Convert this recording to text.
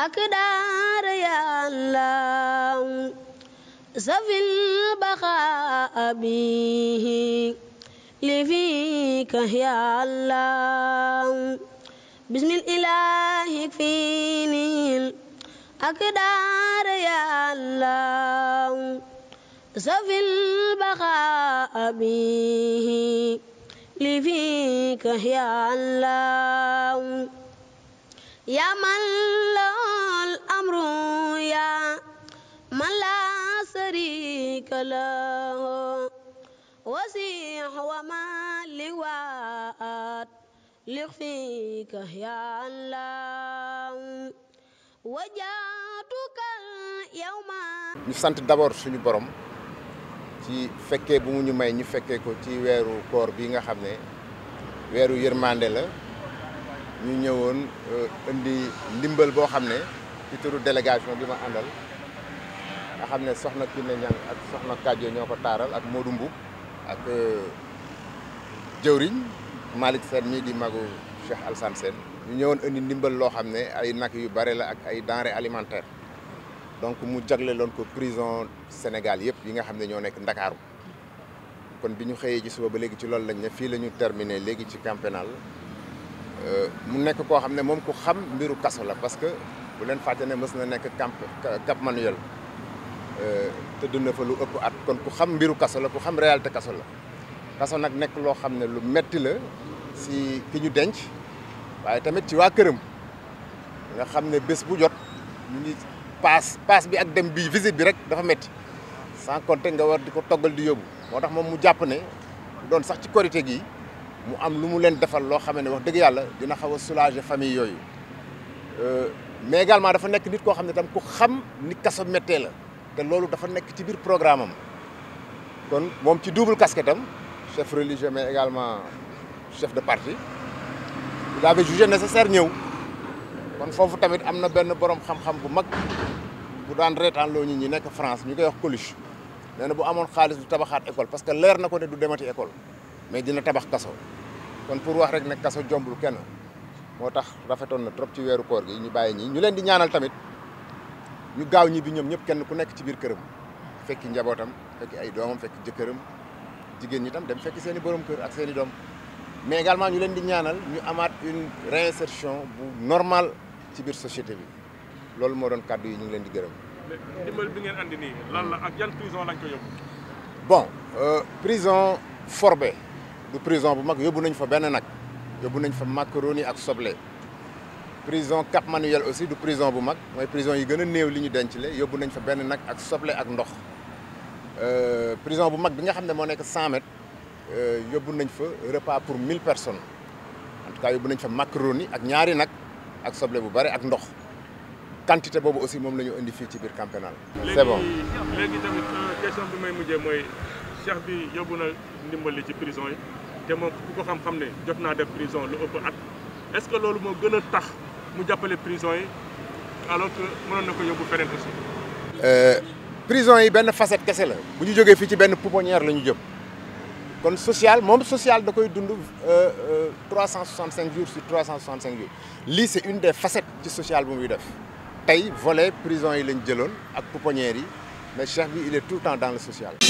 ak daara yàllaw safil baxaa bihi li fika yàllaw bismil ilaahi fiinil ak daara yàllaw safil baxaa bihi li fika yàllaw ya man la amruya man la sharika lahu wasi'a wa ma liwaat likhfika ya Allah wajatuka yawma ñu sant d'abord suñu borom ci fekkee bu mu ñu may ñu fekkee ko ci weeru koor bi nga xam ne weeru yërmande la ñu ñëwoon euh, indi ndimbal boo xam ne ci turu délégation bi ma àndal nga xam ne soxna Kiné Niang ak soxna Kadio ñoo ko taaral ak Modou Mboup ak euh, jëwriñ Malick Sène mii di magu Cheikh Alassane Sène ñu ñëwoon indi ndimbal loo xam ne ay nag yu bare la ak ay denrées alimentaires donc mu jagle loon ko prison Sénégal yëpp yi nga xam ne ñoo nekk Ndakaaru kon bi ñu xëyee ci suba ba léegi ci loolu lañ ne fii la ñu terminé léegi ci camp pénal euh, mu nekk koo xam ne moom ku xam mbiru kaso la parce que bu leen fàtte ne mës na nekk camp Cap Manuel euh, tëdd na fa lu ëpp at kon ku xam mbiru kaso la ku xam réalité kaso la kaso nag nekk loo xam ne lu metti la si ki ñu denc waaye tamit ci waa këram nga xam ne bés bu jot ñu ngi paas paas bi ak dem bi visite bi rek dafa metti sans compter nga war di ko toggal di yóbbu moo tax moom mu jàpp ne doon sax ci korité gi mu am lu mu leen defal loo xam ne wax dëgg yàlla dina xaw a soulager famille yooyu euh, mais également dafa nekk nit koo xam ne tam ku xam ni kaso méttee la te loolu dafa nekk ci biir programme kon moom ci double casquette am chef religieux mais également chef de parti il avait jugé nécessaire ñëw kon foofu tamit am na benn borom xam-xam bu mag bu daan reetaan loo nit ñi nekk France ñu koy wax Coluche nee na bu amoon xaalis du tabaxaat école parce que leer na ko ne du demati école mais dina tabax kaso kon pour wax rek ne kaso jombul kenn moo tax rafetoon na trop ci weeru koor gi ñu bàyyi ñi ñu leen di ñaanal tamit ñu gaaw ñi bi ñoom ñëpp kenn ku nekk ci biir këram fekki njabootam fekki ay doomam fekki jëkkëram jigéen ñi tam dem fekki seen i borom kër ak seen i doom mais également ñu leen di ñaanal ñu amaat une réinsertion bu normal ci biir société bi loolu moo doon kàddu yi ñu ngi leen di gërëm. ndimbal bi ngeen andi nii ak yan prison lañ ko yóbbu. bon euh, prison forbe du prison bu mag yóbbu nañ fa benn nag. yóbbu nañ fa macaroni ak soble prison Cap Manuel aussi du prison bu mag mooy prison yi gën a néew li ñu denc le yóbbu nañ fa benn nag ak soble ak ndox euh, prison bu mag bi nga xam ne moo nekk 100 mètres euh, yóbbu nañ fa repas pour 1000 personnes en tout cas yóbbu nañ fa macaroni ak ñaari nag ak soble bu bari ak ndox quantité boobu aussi moom la ñu indi fii ci biir camp pénal c'est bon léegi tamit euh, question bi may mujjee mooy cheikh bi yóbbu na ndimbal li ci prison yi. te moom ku ko xam-xam ne jot naa def prison lu ëpp at est-ce que loolu moo gën a tax mu jàppale prison yi alors que mënoon na ko yóbbu feneen aussi. Euh, prison yi benn facette kese la bu ñu jógee fii ci benn pouponière la ñu jëm kon social moom social da koy dund 365 euh, euh, jours sur 365 jours lii c'est une des facettes ci social bu muy def tey volet prison yi lañ jëloon ak pouponnière yi mais Cheikh bi il est tout le temps dans le